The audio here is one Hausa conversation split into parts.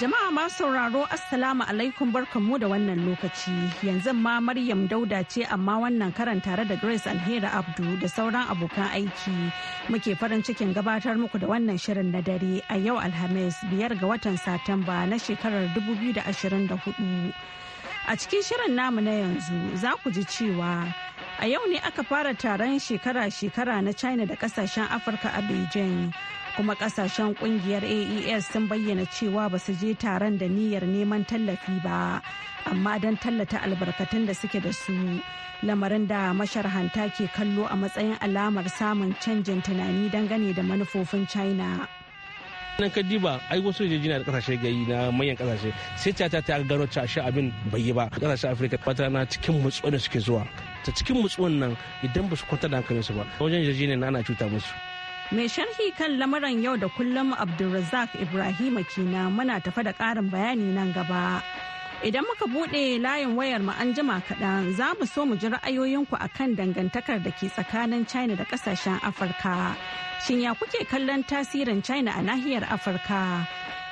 Jama'a ma sauraro Assalamu alaikum barkanmu da wannan lokaci. Yanzu ma Maryam Dauda ce amma wannan karan tare da Grace Alheri Abdu da sauran abokan aiki muke farin cikin gabatar muku da wannan shirin na dare a yau Alhamis biyar ga watan Satamba na shekarar 2024. A cikin shirin namu na yanzu za ku ji cewa a yau ne aka fara taron shekara-shekara na China da kasashen Afirka a Beijing. kuma kasashen kungiyar aes sun bayyana cewa ba su je taron da niyyar neman tallafi ba amma don tallata albarkatun da suke da su lamarin da masharhanta ke kallo a matsayin alamar samun canjin tunani dangane da manufofin china nan ka diba ai wasu yarjejeniya da kasashe gayi na manyan kasashe sai ta ta gano ta shi abin bai yi ba kasashe afirka fata na cikin mutsuwa da suke zuwa ta cikin mutsuwan nan idan ba su kwanta da hankalinsu ba wajen yarjejeniya na ana cuta musu Mai sharhi kan lamuran yau da kullum Abdulrazak Ibrahima kina muna tafa da ƙarin bayani nan gaba. Idan muka buɗe layin wayar mu an jima kaɗan za mu so mu ji ra'ayoyinku a kan dangantakar da ke tsakanin China da ƙasashen Afirka. Shin ya kuke kallon tasirin China a nahiyar Afirka?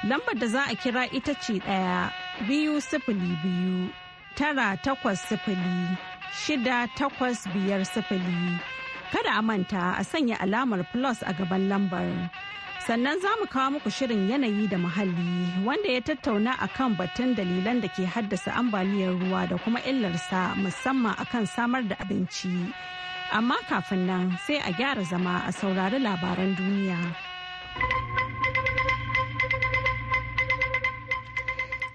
Lambar da za a kira ita ce ɗaya biyu sifili biyu tara takwas sifili shida takwas biyar sifili. Kada a manta a sanya alamar plus a gaban lambar. Sannan za mu kawo muku shirin yanayi da muhalli wanda ya tattauna a kan batun dalilan da ke haddasa ambaliyar ruwa da kuma illarsa musamman a kan samar da abinci. Amma kafin nan sai a gyara zama a saurari labaran duniya.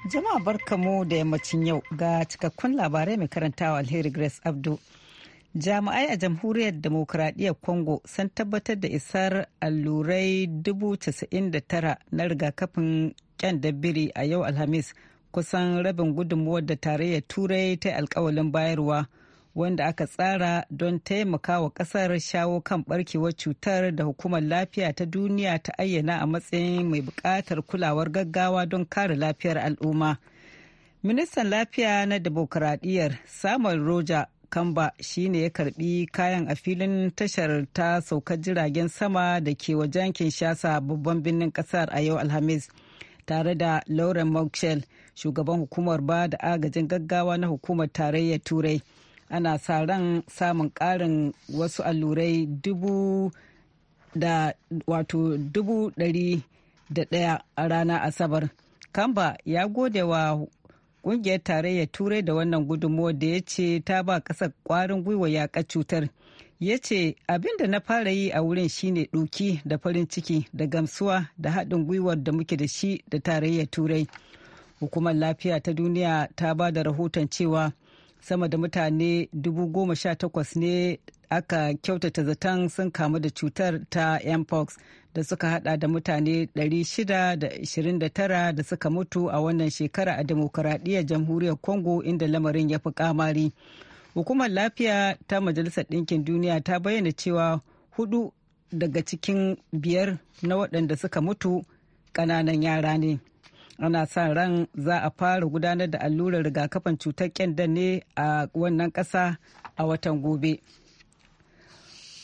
Jama'a barkamu da yammacin yau ga cikakkun labarai mai karantawa Alheri Grace Abdu. jami'ai a jamhuriyar demokuraɗiyyar congo sun tabbatar da isar allurai 99,000 na rigakafin kyan dabbiri a yau alhamis kusan rabin gudunmuwar da tarayyar turai ta alkawalin bayarwa wanda aka tsara don taimaka wa kasar shawo kan barkewar cutar da hukumar lafiya ta duniya ta ayyana a matsayin mai buƙatar kulawar gaggawa don kare lafiyar al'umma ministan lafiya na demokuraɗiyyar samuel roja Kamba shine ya karbi kayan a filin tashar ta saukar jiragen sama da ke wajen Kinshasa babban birnin kasar a yau Alhamis tare da Lauren mokshel shugaban hukumar ba da agajin gaggawa na hukumar tarayyar Turai. Ana sa ran samun karin wasu allurai dubu da wato dubu ɗari da ɗaya a ranar Asabar. Kamba ya gode wa kungiyar tarayyar turai da wannan gudunmuwar da ya ce ta ba ƙasa ƙwarin gwiwa yaƙa cutar ya ce abin da na fara yi a wurin shine ɗuki da farin ciki da gamsuwa da haɗin gwiwar da muke da shi da tarayyar turai hukumar lafiya ta duniya ta ba da rahoton cewa sama da mutane 18,000 ne aka kyautata zaton sun kamu da cutar ta mpox da suka hada da mutane 629 da suka mutu a wannan shekara a demokuraɗiyyar jamhuriyar congo inda lamarin ya fi kamari hukumar lafiya ta majalisar ɗinkin duniya ta bayyana cewa hudu daga cikin biyar na waɗanda suka mutu ƙananan yara ne ana sa ran za a fara gudanar da allurar rigakafin cutar kyanda ne a wannan ƙasa a watan gobe.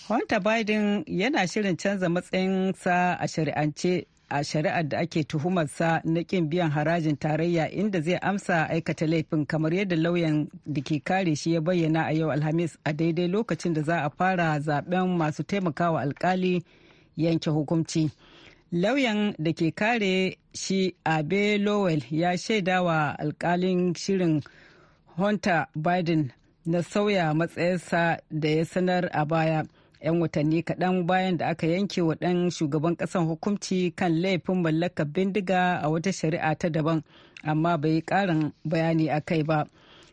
Hunter Biden yana shirin canza matsayinsa a shari'ance a shari'ar da ake tuhumarsa na kin biyan harajin tarayya inda zai amsa aikata laifin kamar yadda lauyan da ke kare shi ya bayyana a yau alhamis a daidai lokacin da za a fara zaben masu taimakawa alkali yanke hukunci lauyan da ke kare shi abe lowell ya shaidawa alkalin shirin hunter biden na sauya matsayarsa da ya sanar a baya. 'yan watanni kaɗan bayan da aka yanke wa ɗan shugaban ƙasar hukunci kan laifin mallakar bindiga a wata shari'a ta daban amma bai yi ƙarin bayani a kai ba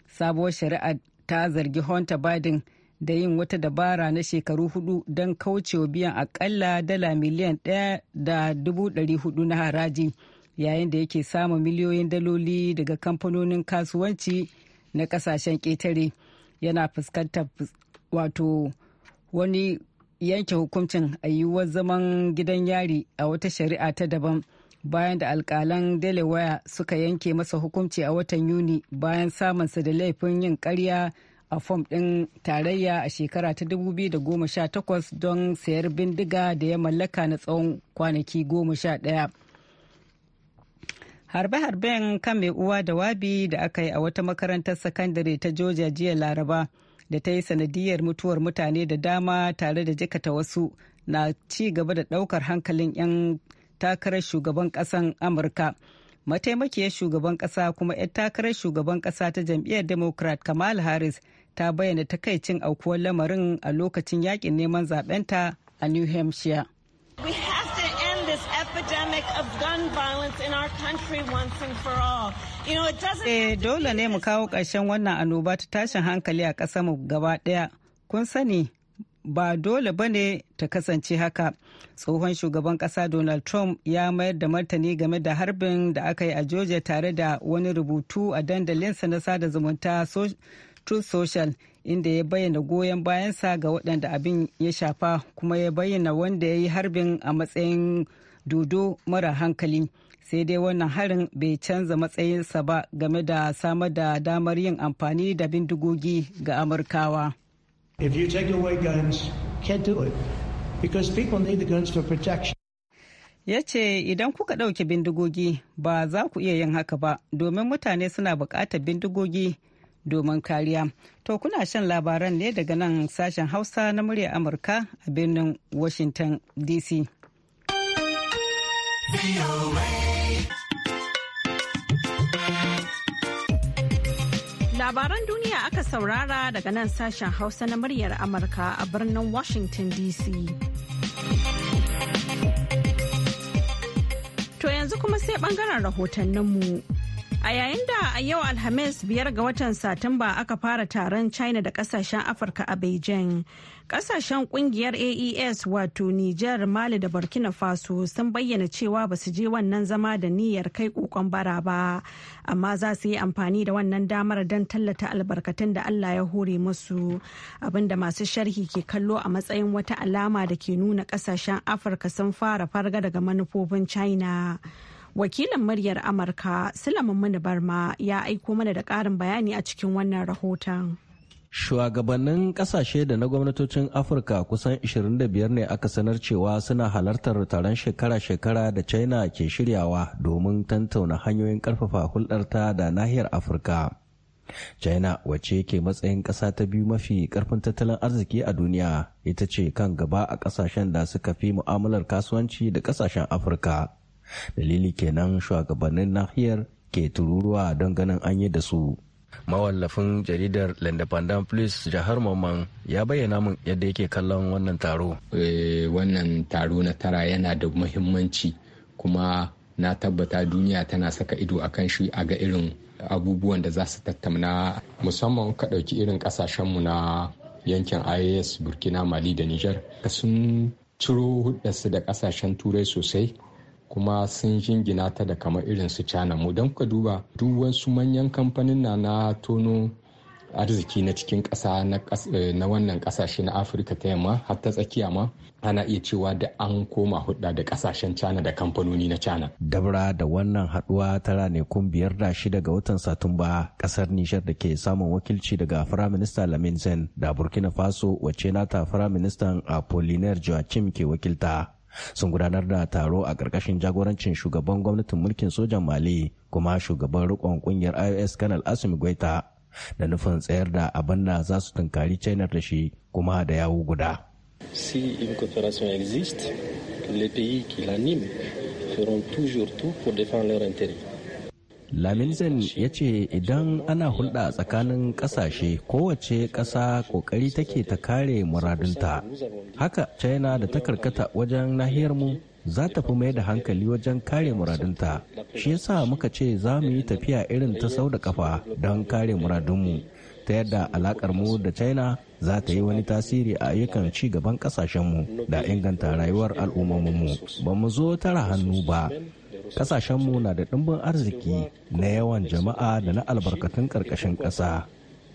sabuwar shari'a ta zargi hunter biden da yin wata dabara na shekaru hudu don kaucewa biyan akalla dala miliyan ɗaya da dubu ɗari hudu na haraji yayin da yake samun miliyoyin daloli daga kamfanonin kasuwanci na ƙasashen ƙetare yana fuskantar wato wani yanke hukuncin a yiwuwar zaman gidan yari a wata shari'a ta daban bayan da alkalan delaware suka yanke masa hukunci a watan yuni bayan samunsa da laifin yin karya a fom ɗin tarayya a shekara ta 2018 don sayar bindiga da ya mallaka na tsawon kwanaki 11 harbe-harben kan mai uwa da wabi da aka yi a wata makarantar sakandare ta georgia jiya laraba da ta yi sanadiyar mutuwar mutane da dama tare da jikata wasu na ci gaba da daukar hankalin 'yan takarar shugaban kasan amurka mataimakiyar shugaban kasa kuma 'yan takarar shugaban kasa ta jam'iyyar democrat kamal harris ta bayyana takaicin aukuwar lamarin a lokacin yakin neman zabenta a new hampshire We have to end this epidemic of gun violence in our country once and for all. Eh dole ne mu kawo ƙarshen wannan annoba ta tashin hankali a ƙasa mu gaba ɗaya. Kun sani ba dole ba ne ta kasance haka. Tsohon shugaban ƙasa Donald Trump ya mayar da martani game da harbin da aka yi a Georgia tare da wani rubutu a dandalinsa na sada zumunta Truth Social inda ya bayyana goyon bayansa ga waɗanda abin ya shafa kuma ya bayyana wanda ya yi harbin a matsayin dodo mara hankali. sai dai wannan harin bai canza matsayinsa ba game da samar da damar yin amfani da bindigogi ga amurkawa ya ce idan kuka ɗauke bindigogi ba za ku iya yin haka ba domin mutane suna buƙatar bindigogi domin kariya to kuna shan labaran ne daga nan sashen hausa na murya amurka a birnin washington dc Labaran duniya aka saurara daga nan sashen Hausa na muryar Amurka a birnin Washington DC. To yanzu kuma sai bangaren rahotanninmu. A yayin da a yau Alhamis biyar ga watan Satumba aka fara taron China da kasashen Afirka a Beijing. Kasashen kungiyar AES wato Nijar, Mali da Burkina Faso sun bayyana cewa ba su je wannan zama da niyyar kai kokon bara ba, amma za su yi amfani da wannan damar don tallata albarkatun da Allah ya hore musu. Abinda masu sharhi ke kallo a matsayin wata alama da ke nuna kasashen Afirka sun fara farga daga manufofin China. wakilin muryar amurka sulaiman mani barma ya aiko mana da karin bayani a cikin wannan rahoton shugabannin kasashe da na gwamnatocin afirka kusan 25 ne aka sanar cewa suna halartar taron shekara-shekara da china ke shiryawa domin tantauna hanyoyin karfafa hulɗarta da nahiyar afirka china wacce ke matsayin ƙasa ta biyu mafi karfin tattalin arziki a duniya ita ce kan gaba a ƙasashen da suka fi mu'amalar kasuwanci da ƙasashen afirka dalili kenan shugabannin nahiyar ke tururuwa don ganin an yi da su mawallafin jaridar l'independent police jihar Mamman ya bayyana min yadda yake kallon wannan taro eh, wannan taro na tara yana da muhimmanci kuma na tabbata duniya tana saka ido a kan shi a ga irin abubuwan da za su tattauna musamman ka ɗauki irin ƙasashenmu na yankin ias burkina mali da niger sun ciro hudarsu da ƙasashen turai sosai kuma sun jingina ta da kamar irin su cana mu don ka duba duk wasu manyan kamfanin na na tono arziki na cikin ƙasa eh, na wannan ƙasashe na afirka ta yamma har ta tsakiya ma ana iya cewa da an koma hudda da ƙasashen cana da kamfanoni na cana dabra da wannan haduwa ta ranakun biyar da shida ga watan satumba ƙasar nishar da ke samun wakilci daga firaminista lamin zen da burkina faso wacce nata firaministan apollinaire joachim ke wakilta sun gudanar da taro a ƙarƙashin jagorancin shugaban gwamnatin mulkin sojan mali kuma shugaban rikon ƙungiyar ios kanal asimi gwaita da nufin tsayar da abin da za su tunkari china da shi kuma da yawo guda si une coopération existe les pays qui l'animent feront toujours tout pour défendre leur intérêt Laminzen ya ce idan ana hulɗa tsakanin ƙasashe kowace ƙasa ƙoƙari take ta kare muradunta. Haka China da ta karkata wajen nahiyarmu za ta fi mai da hankali wajen kare muradunta. Shi yasa muka ce za mu yi tafiya irin ta sau da kafa don kare muradunmu ta yadda alakar mu da China za ta yi wani tasiri a ayyukan ci gaban kasashenmu da inganta rayuwar al'ummominmu ba mu zo tara hannu ba mu na da ɗimbin arziki na yawan jama'a da na albarkatun ƙarƙashin ƙasa.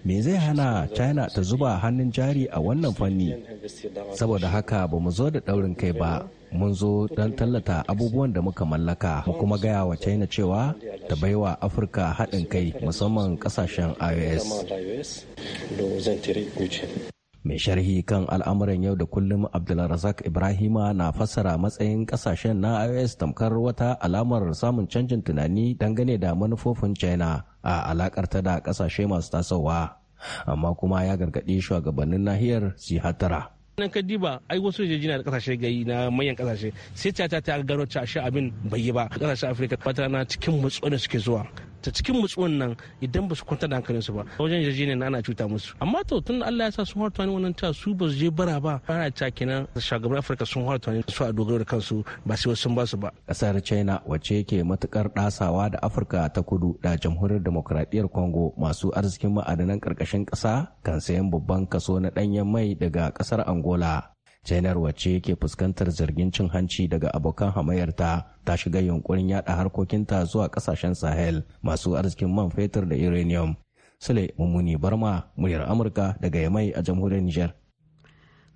Me zai hana China ta zuba hannun jari a wannan fanni? Saboda haka ba mu zo da ɗaurin kai ba, mun zo don tallata abubuwan da muka mallaka, mu kuma gaya wa China cewa ta baiwa Afirka haɗin kai musamman ƙasashen IOS. mai sharhi kan al'amuran yau da kullum abdulrazak ibrahima na fassara matsayin kasashen na ios tamkar wata alamar samun canjin tunani dangane da manufofin china a alakarta da kasashe masu tasowa amma kuma ya gargaɗi shugabannin nahiyar su hatara nan ka diba ai wasu yarjejina da kasashe gayi na manyan kasashe sai ta ta gano ta shi abin bai yi ba kasashen afirka fata na cikin matsuwa da suke zuwa ta cikin mutsuwan nan idan ba su kwanta da hankalinsu ba wajen na ana cuta musu amma to tun Allah ya sa sun harta ne wannan ta su ba su je bara ba ana ta kenan shugaban Afirka sun harta ne su a dogaro da kansu ba sai wasu sun ba su ba kasar China wacce yake matukar dasawa da Afirka ta kudu da jamhuriyar demokradiyyar Congo masu arzikin ma'adanan karkashin kasa kan sayan babban kaso na danyen mai daga kasar Angola china wacce ke fuskantar zargin cin hanci daga abokan hamayarta ta shiga yunkurin yada harkokinta zuwa kasashen sahel masu arzikin man fetur da uranium sule mummuni barma muryar amurka daga yamai a jamhuriyar niger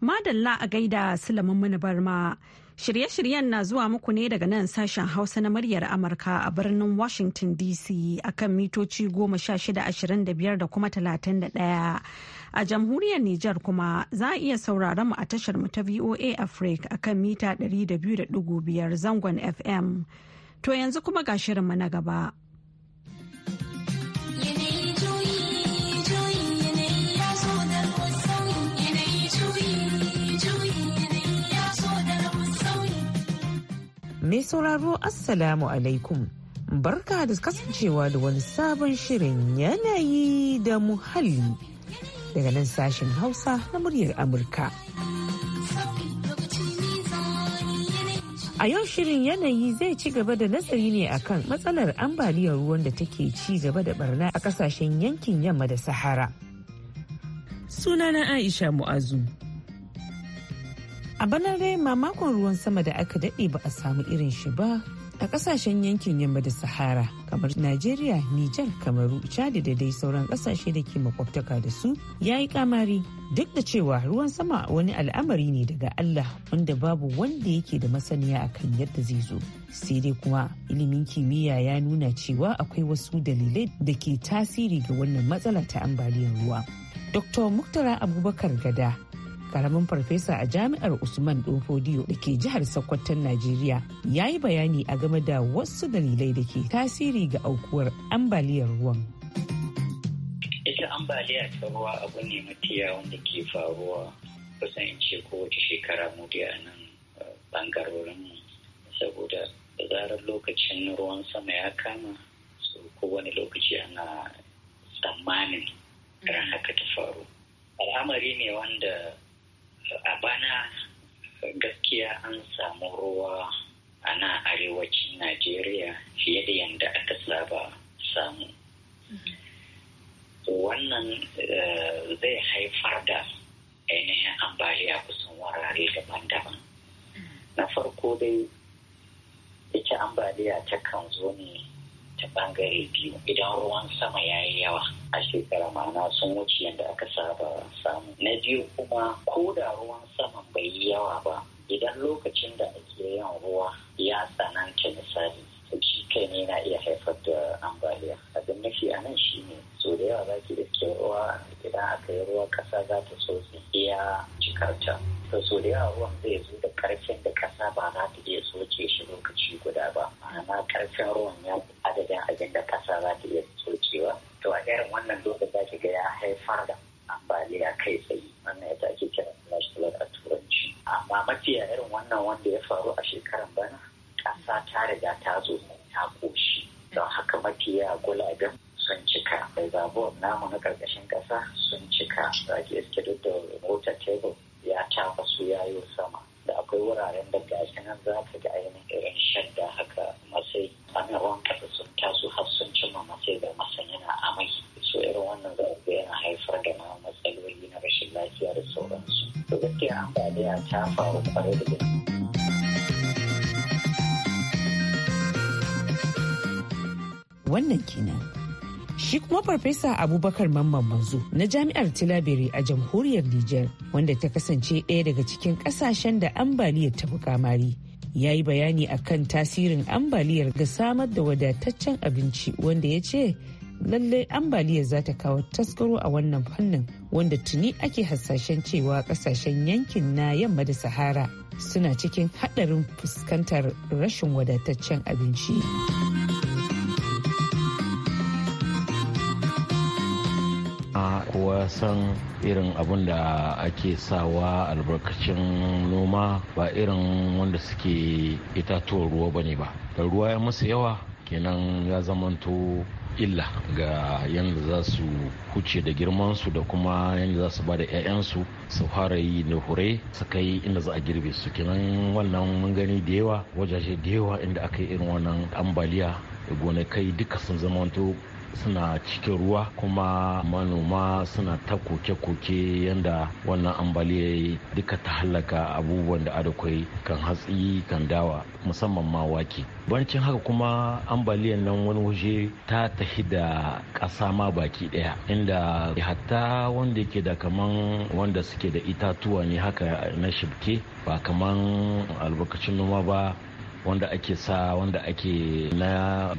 Madalla a gaida Sulaiman Muni Barma. Shirye-shiryen na zuwa muku ne daga nan sashen Hausa na muryar Amurka a birnin Washington DC a kan mitoci goma sha shida ashirin da biyar da kuma talatin da ɗaya. A jamhuriyar Nijar kuma za a iya sauraron mu a tashar mu ta VOA Africa kan mita ɗari da da biyar zangon FM. To yanzu kuma ga shirinmu na gaba. Mai sauraro Assalamu alaikum. Barka da kasancewa da wani sabon shirin yanayi da muhalli daga nan sashen Hausa na muryar Amurka. A yau shirin yanayi zai ci gaba da nazari ne a kan matsalar ambaliyar ruwan da take ci gaba da barna a kasashen yankin yamma da Sahara. Sunana Aisha Mu'azu. A bana dai mamakon ruwan sama da aka daɗe ba a samu irin shi ba a kasashen yankin yamma da sahara kamar Nigeria nijar kamaru chad da dai sauran kasashe da ke makwabtaka da su ya yi kamari duk da cewa ruwan sama wani al'amari ne daga allah wanda babu wanda yake da masaniya akan yadda zai zo sai dai kuma ilimin kimiyya ya nuna cewa akwai wasu dalilai da ke tasiri ga wannan matsala ta ambaliyar ruwa dr muktara abubakar gada karamin farfesa a jami'ar usman ɗofodiyo da ke jihar sokoton najeriya ya yi bayani a game da wasu dalilai da ke tasiri ga aukuwar ambaliyar ruwan ita ambaliya ta ruwa abu ne matiya wanda ke faruwa kusan in ce kowace shekara mu da a nan bangarorin saboda da zarar lokacin ruwan sama ya kama ko kowane lokaci ana tsammanin ran haka ta faru al'amari ne wanda a bana gaskiya an samu ruwa a nan arewacin najeriya fiye da yadda aka saba samu mm-hmm. wannan eh, zai haifar da ainihin ambaliya kusan wurare daban-daban mm-hmm. na farko dai ita ambaliya ta kan zo ne ta bangare biyu idan ruwan sama ya yi yawa a shekara ma'ana sun wuce yadda aka saba samu na biyu kuma ko da ruwan sama bai yi yawa ba idan lokacin da ake yin ruwa ya tsananta misali shi kai ne na iya haifar da ambaliya abin da ke shine. shi ne so da yawa zaki da ke ruwa idan aka yi ruwa kasa za ta so iya cikarta to so da yawa ruwan zai zo da ƙarfin da kasa ba za ta iya soce shi lokaci guda ba ma'ana karfin ruwan ya adadin abin da ƙasa za ta iya socewa to a irin wannan lokacin zaki ga ya haifar da ambaliya kai tsaye wannan ya ake kira flash flood a turanci amma mafiya irin wannan wanda ya faru a shekaran bana ƙasa ta riga ta zo ta ƙoshi. don haka mafiya gulabin sun cika mai zabuwar namu na ƙarƙashin ƙasa sun cika za ki iske duk da motar table ya ta wasu yayo sama da akwai wuraren da gashi nan za ka ga ainihin irin shadda haka masai ana wanka sun taso har sun cimma masai da masan yana amai so irin wannan za ku yana haifar da ma matsaloli na rashin lafiya da sauransu to gaskiya ambaliya ta faru kwarai da gaske wannan kenan shi kuma farfesa abubakar mamman manzo na jami'ar tilabiri a jamhuriyar nijar wanda ta kasance ɗaya daga cikin ƙasashen da ambaliyar ta fi kamari ya yi bayani a kan tasirin ambaliyar ga samar da wadataccen abinci wanda ya ce lallai ambaliyar za ta kawo taskaro a wannan fannin wanda tuni ake hasashen cewa ƙasashen yankin na yamma da sahara suna cikin haɗarin fuskantar rashin wadataccen abinci. kowa san irin abin da ake sawa albarkacin noma ba irin wanda suke itatuwar ruwa ba ne ba da ruwa ya musu yawa kenan ya zamanto illa ga yadda za su huce da girmansu da kuma yadda za su ba da 'ya'yansu su fara yi na hure su kai inda za a girbe su kenan wannan mun gani da yawa wajaje da yawa inda aka yi irin wannan ambaliya gonakai duka sun zama wato suna cikin ruwa kuma manoma suna ta koke-koke yadda wannan ambaliya yi duka ta hallaka abubuwan da adakwai kan hatsi kan dawa musamman ma wake bancin haka kuma ambaliyan nan wani waje ta tahi da ƙasa ma baki ɗaya inda hatta wanda ke da kaman wanda suke da itatuwa ne haka na shibke ba kaman albarkacin noma ba wanda ake sa wanda ake na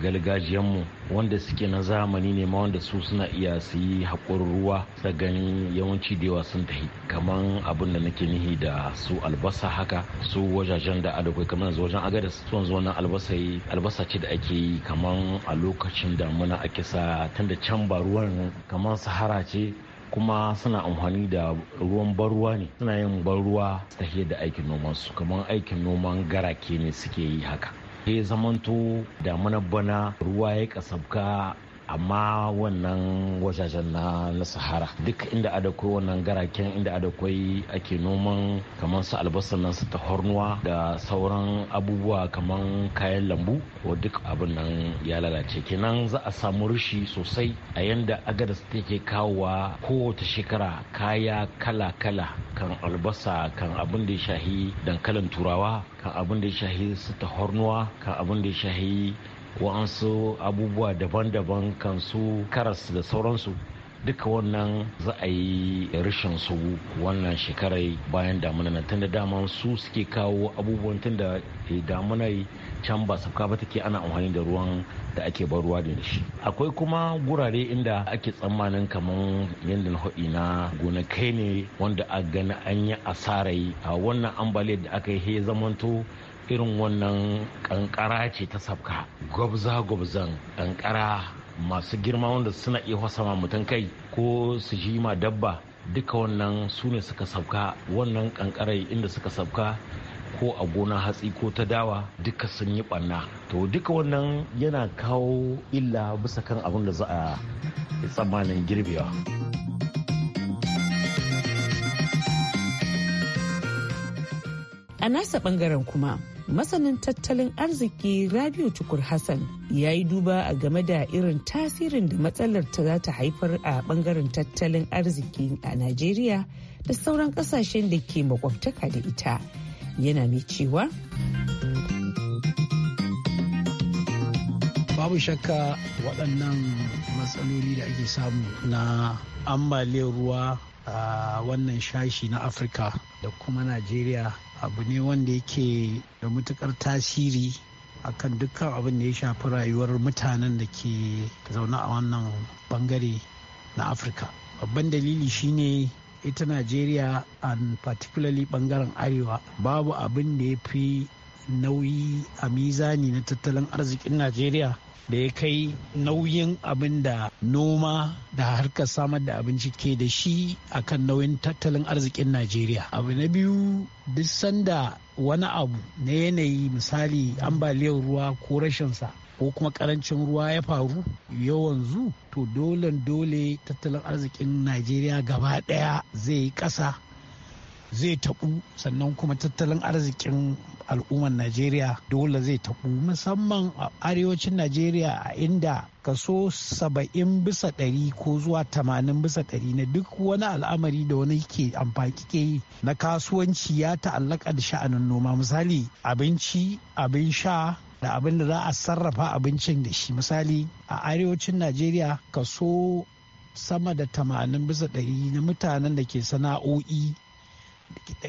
mu wanda suke na zamani ne ma wanda su suna iya su yi haƙurin ruwa ganin yawanci da yawa sun tahi kaman abin da nake nihi da su albasa haka su wajajen da adakwai kamar yanzu wajen agada su yanzu wannan albasa albasa ce da ake yi kaman a lokacin damuna ake sa tun da can ba ruwan kaman sahara ce kuma suna amfani da ruwan barruwa ne suna yin barruwa ta da aikin nomansu kamar aikin noman garake ne suke yi haka ke zamanto da mana bana ruwa ya kasabka amma wannan wajajen na na sahara duk inda ada akwai wannan garaken inda ada akwai ake noman kamar su albasa nan su tahornuwa da sauran abubuwa kamar kayan lambu ko duk abin nan ya lalace kenan za a samu rushi sosai a yanda su take kawowa kowace shekara kaya kala-kala kan albasa kan abin da ya shahi dankalin turawa kan abin da ya shahi su tahornuwa kan abin da ya shahi wa'ansu abubuwa daban-daban kan su karas da sauransu duka wannan za a yi rashin su wannan shekarai bayan damuna na tunda dama su suke kawo abubuwan tunda eh, damuna can ba sauka ba take ana amfani da ruwan da ake bar ruwa da shi akwai kuma gurare inda ake tsammanin kamar yadda na haɗi na gonakai ne wanda a gani an yi asarai a wannan ambaliyar da aka yi zamanto irin wannan kankara ce ta sabka gwabza-gwabzan kankara masu girma wanda suna iya ma mutum kai ko su ji ma dabba duka wannan su ne suka sabka wannan kankarai inda suka sabka ko a gona hatsi ko ta dawa duka sun yi ɓanna to duka wannan yana kawo illa bisa kan abin da za a tsammanin girbewa. A nasa bangaren kuma, masanin tattalin arziki Rabiu Tukur Hassan ya yi duba a game da irin tasirin da matsalar ta za ta haifar a bangaren tattalin arziki a Najeriya da sauran kasashen da ke makwabtaka da ita. Yana mai cewa. Babu shakka waɗannan matsaloli da ake samu na ambaliyar ruwa a wannan shashi na afirka da kuma najeriya abu ne wanda yake da matukar tasiri akan dukkan abin da ya shafi rayuwar mutanen da ke zaune a wannan bangare na afirka babban dalili shine ita najeriya and particularly bangaren arewa babu abin da ya fi nauyi a mizani na tattalin arzikin najeriya da ya kai nauyin abin da noma da harkar samar da abinci ke da shi akan nauyin tattalin arzikin najeriya abu na biyu duk sanda wani abu na yanayi misali ambaliyar ruwa ko rashinsa ko kuma karancin ruwa ya faru yawan zu to dole dole tattalin arzikin najeriya gaba daya zai yi kasa zai taɓu sannan kuma tattalin arzikin al'ummar najeriya dole zai taɓu musamman a arewacin najeriya a inda kaso saba'in bisa ɗari ko zuwa tamanin bisa ɗari na duk wani al'amari da wani ke amfani ke yi na kasuwanci ya ta'allaka da sha'anin noma misali abinci abin sha da abin da za a sarrafa abincin da shi misali a arewacin najeriya kaso sama da tamanin bisa ɗari na mutanen da ke sana'o'i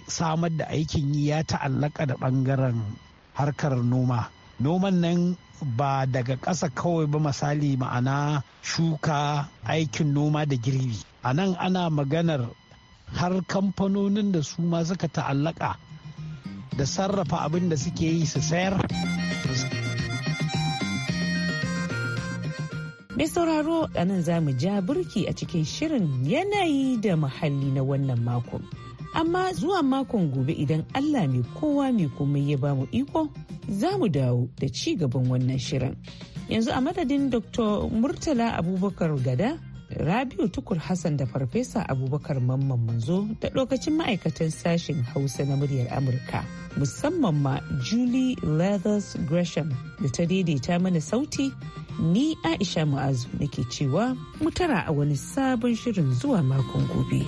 samar da aikin yi ya ta'allaka da bangaren harkar noma noman nan ba daga ƙasa kawai ba misali ma'ana shuka aikin noma da girbi a nan ana maganar har kamfanonin da su ma suka ta'allaka da sarrafa abin da suke yi su sayar Mai sauraro a nan za mu ja burki a cikin shirin yanayi da muhalli na wannan makon. amma zuwa makon gobe idan Allah mai kowa mai komai ya bamu iko za mu dawo da ci gaban wannan shirin. Yanzu a madadin Dr. Murtala Abubakar Gada, Rabiu Tukur Hassan da Farfesa Abubakar Mamman Manzo da lokacin ma'aikatan sashen Hausa na muryar Amurka, musamman ma Julie Leathers Gresham da ta daidaita mana sauti, ni Aisha Mu'azu nake cewa mutara a wani sabon shirin zuwa makon gobe.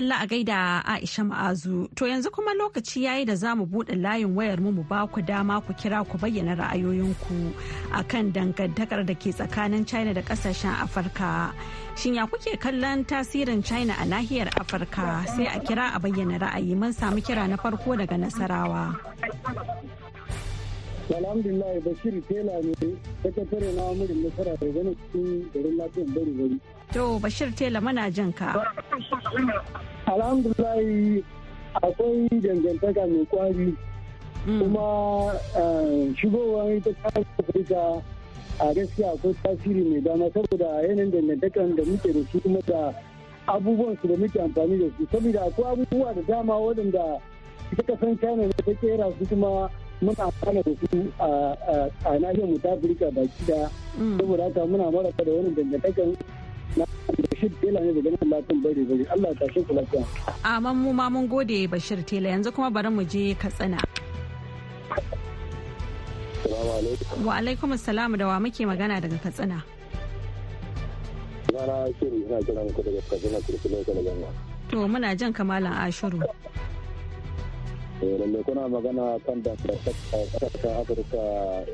madalla a gaida Aisha Ma'azu. To yanzu kuma lokaci yayi da za mu buɗe layin wayar mu ba ku dama ku kira ku bayyana ra'ayoyinku akan dangantakar da ke tsakanin China da kasashen Afirka. Shin ya kuke kallon tasirin China a nahiyar Afirka sai a kira a bayyana ra'ayi mun samu kira na farko daga Nasarawa. alhamdulillah bashir tela ne sakatare na murin nasara da gani cikin garin lafiyan bari bari to bashir tela mana jin ka alhamdulillah akwai dangantaka mai kwari hmm. kuma eh, shigowa ita ta afirka a gaskiya akwai tasiri mai dama saboda yanayin dangantakan da muke da su kuma da abubuwan su da muke amfani da su saboda akwai abubuwa da dama waɗanda ita kasan china da ta kera su kuma muna fara da su a nahiyar mu ta afirka baki da mm. saboda haka muna maraba da wani dangantakan Bashir Tela ne daga nan lafiyan bari bari Allah ta shi lafiya. Aman mu ma mun gode Bashir Tela yanzu kuma bari mu je Katsina. Wa alaikum assalam da wa muke magana daga Katsina. ina kira muku daga Katsina Kirkiro Kalaganga. To muna jan kamalan Ashuru. Eh, lalle kuna magana kan dangantakar afirka da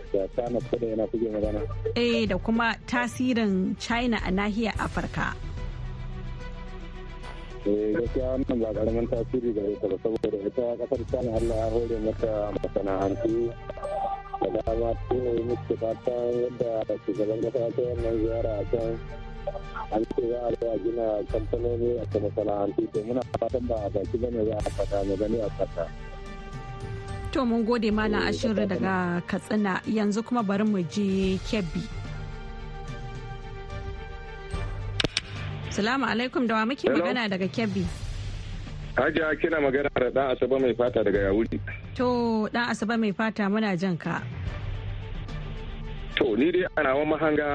china da yana kuke magana eh da kuma tasirin china a nahiyar afirka eh gaskiya wannan ba karamin tasiri ga ita ba saboda ita kasar china allah ya hore mata masana'antu da dama ta yi mutu fata yadda shugaban kasa ta wannan ziyara a can an ce za a zo a gina kamfanoni a masana'antu to muna fatan ba a baki bane za a fata ne bane a fata To mun gode malam ashirin daga Katsina yanzu kuma bari mu je Kebbi. Salamu alaikum da wa muke magana daga Kebbi. Hajiya kina magana da dan Asaba mai fata daga Yahudi. To dan Asaba mai fata muna jan ka. To ni dai ana wa mahanga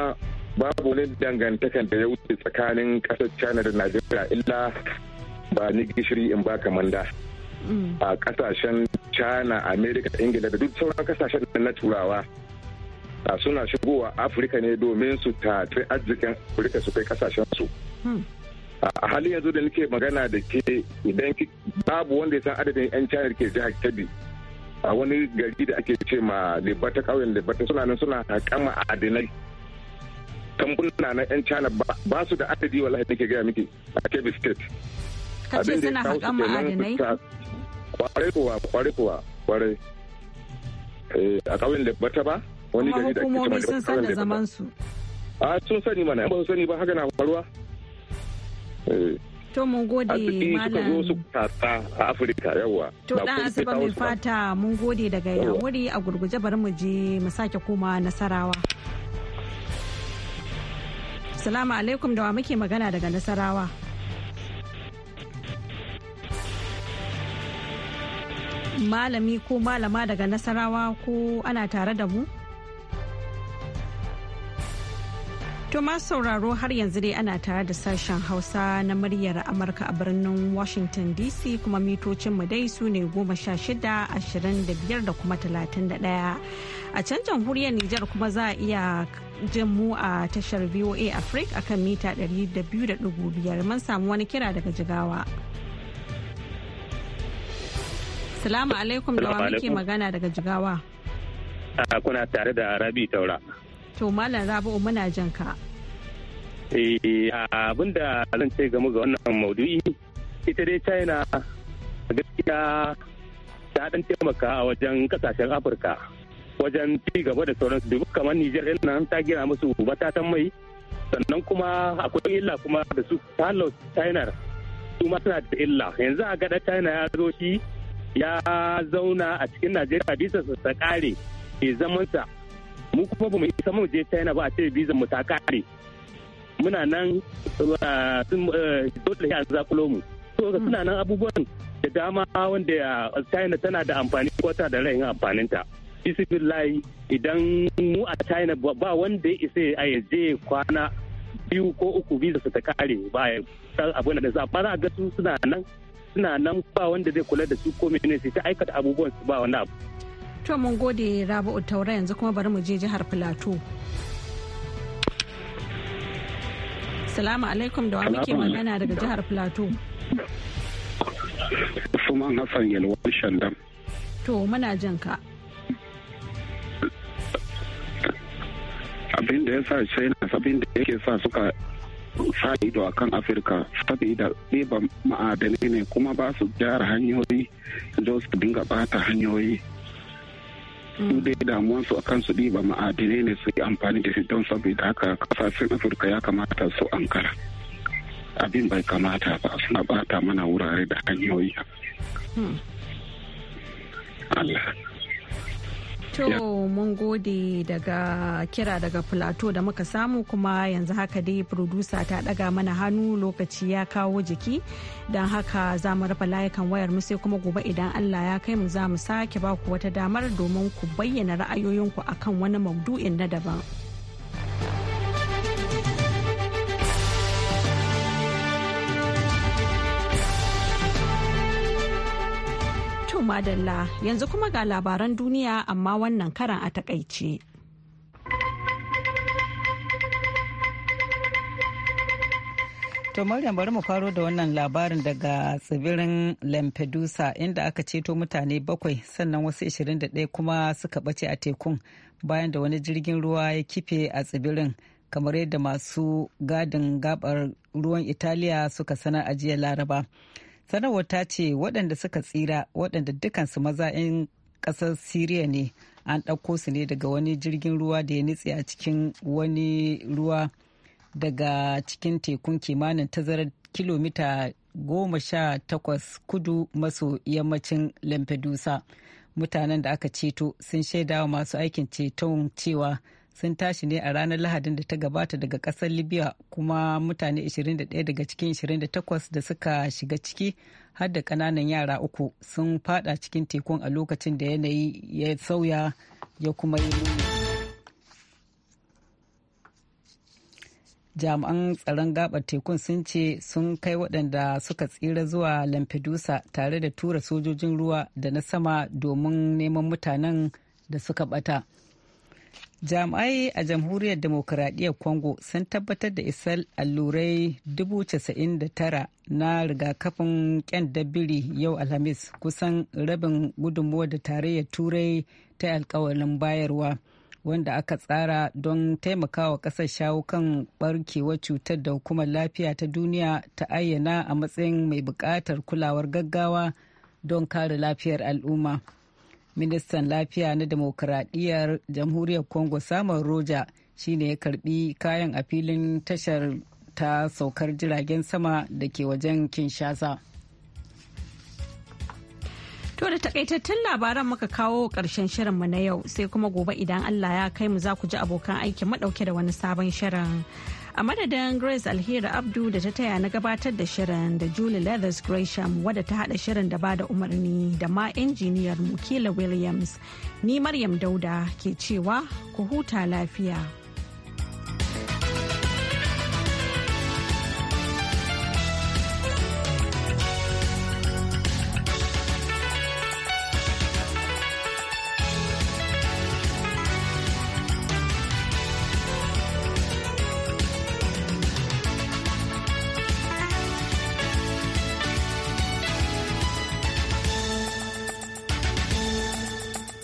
babu ne dangantakan da ya wuce tsakanin kasar China da Najeriya illa ba ni gishiri in ba kamanda. Mm. A kasashen china america ingila da duk sauran kasashen da na turawa suna shigowa afirka ne domin su tafi arzikin afirka su kai kasashen su hmm. a halin yanzu da nake magana da ke idan babu wanda ya san adadin 'yan china ke jihar kebbi a wani gari da ake ce ma libata kauyen libata suna nan suna kama adinai tambuna na 'yan china ba su da adadi wallahi nake gaya miki a kebbi state kace suna ya adinai kwarai kuwa kwarai kuwa kwarai eh, a kawin da bata ba wani gari da ake cewa sun san da zaman su a sun sani mana ba sun sani ba haka na faruwa eh. to mun gode malam su tata a afirka yawa to dan asuba mai fata mun gode daga wuri a gurguje bari mu je mu sake koma nasarawa salamu alaikum da wa muke magana daga nasarawa malami ko malama daga nasarawa ko ana tare da mu? To masu sauraro har yanzu dai ana tare da sashen Hausa na muryar Amurka a birnin Washington DC kuma mitocin mu dai su ne goma sha shida ashirin da biyar da kuma talatin da daya A can jamhuriyar Nijar kuma za a iya jin mu a tashar VOA Africa akan mita 200.5 da mun samu wani kira daga jigawa. Salamu alaikum da wa muke magana daga Jigawa. kuna tare da Rabi Taura. To Malam Rabi'u muna janka. ka. Eh, abin da zan ce game ga wannan maudu'i ita dai China gaskiya ta dan taimaka a wajen kasashen Afirka wajen ci gaba da sauransu dubu kamar Nijar ɗin nan ta gina musu matatan mai sannan kuma akwai illa kuma da su ta China su ma suna da illa yanzu a gada China ya zo shi ya zauna a cikin najeriya bisa ta kare ke zamansa mu kuma ba mu isa mu je china ba a ce biza mu ta kare muna nan ah, sun eh, dole ya zakulo mu so hmm. suna nan abubuwan da dama wanda ah, china tana da amfani ko tana da rayin amfaninta bisibillahi idan mu a china ba wanda ya isa a yaje kwana biyu ko uku biza su ta kare ba abin da za a ga su suna nan suna nan ba wanda zai kula da su ko menene sai ta aikata abubuwan su ba wani abu to mun gode Rabu taura yanzu kuma bari mu je jihar filato salamu alaikum da wa muke magana daga jihar filato Suman Hassan Yalwar Shandam. To muna jin ka. Abin da ya sa China abin da yake sa suka sa ido a kan afirka saboda ɗiban ma'adanai ne kuma ba su gyara hanyoyi da su dinga bata hanyoyi su mm. dai damuwansu a kan su ɗiba ma'adanai ne su yi amfani da su don saboda haka kasashen afirka ya kamata su ankara abin bai kamata ba suna bata mana wurare da hanyoyi hmm. To mun gode daga kira daga Plateau da muka samu kuma yanzu haka dai producer ta daga mana hannu lokaci ya kawo jiki don haka za mu rufe layukan wayar mu sai kuma gobe idan Allah ya kai mu za mu sake baku wata damar domin ku bayyana ra'ayoyinku akan wani maudu'in na daban. To madalla yanzu kuma ga labaran duniya amma wannan karan a takaice. To Maryam bari mu faro da wannan labarin daga tsibirin Lampedusa inda aka ceto mutane bakwai sannan wasu 21 kuma suka bace a tekun bayan da wani jirgin ruwa ya kife a tsibirin kamar yadda masu gadin gabar ruwan Italiya suka sanar a jiya Laraba. sanarwar ta ce waɗanda suka tsira waɗanda dukansu maza 'yan ƙasar siriya ne an ɗauko su ne daga wani jirgin ruwa da ya nutse a cikin wani ruwa daga cikin tekun kimanin tazarar kilomita goma sha takwas kudu maso yammacin lampedusa mutanen da aka ceto sun shaidawa masu aikin ceton cewa sun tashi ne a ranar lahadin da ta gabata daga kasar libya kuma mutane 21 daga cikin 28 da suka shiga ciki har da kananan yara uku sun fada cikin tekun a lokacin da yanayi ya sauya ya kuma yi jami'an tsaron gabar tekun sun ce sun kai waɗanda suka tsira zuwa lampedusa tare da tura sojojin ruwa da na sama domin neman mutanen da suka bata. jami'ai a jamhuriyar demokuraɗiyyar congo sun tabbatar da isar allurai 99 na rigakafin ƙyan dabiri yau alhamis kusan rabin gudunmuwar da tarayyar turai ta alkawarin bayarwa wanda aka tsara don taimakawa ƙasar shawo kan ɓarkewar cutar da hukumar lafiya ta duniya ta ayyana a matsayin mai buƙatar kulawar gaggawa don kare lafiyar al'umma. ministan lafiya na demokuraɗiyyar jamhuriyar congo samun roja shine ya karbi kayan a filin tashar ta saukar jiragen sama da ke wajen kinshasa To da takaitattun labaran muka kawo ƙarshen mu na yau sai kuma gobe idan Allah ya kai mu za ku ji abokan aiki madauke da wani sabon shirin. a madadin grace alheri abdu da ta taya na gabatar da shirin da julie leathers gresham wadda ta hada shirin da ba da umarni da ma injiniyar mukila williams ni maryam dauda ke cewa ku huta lafiya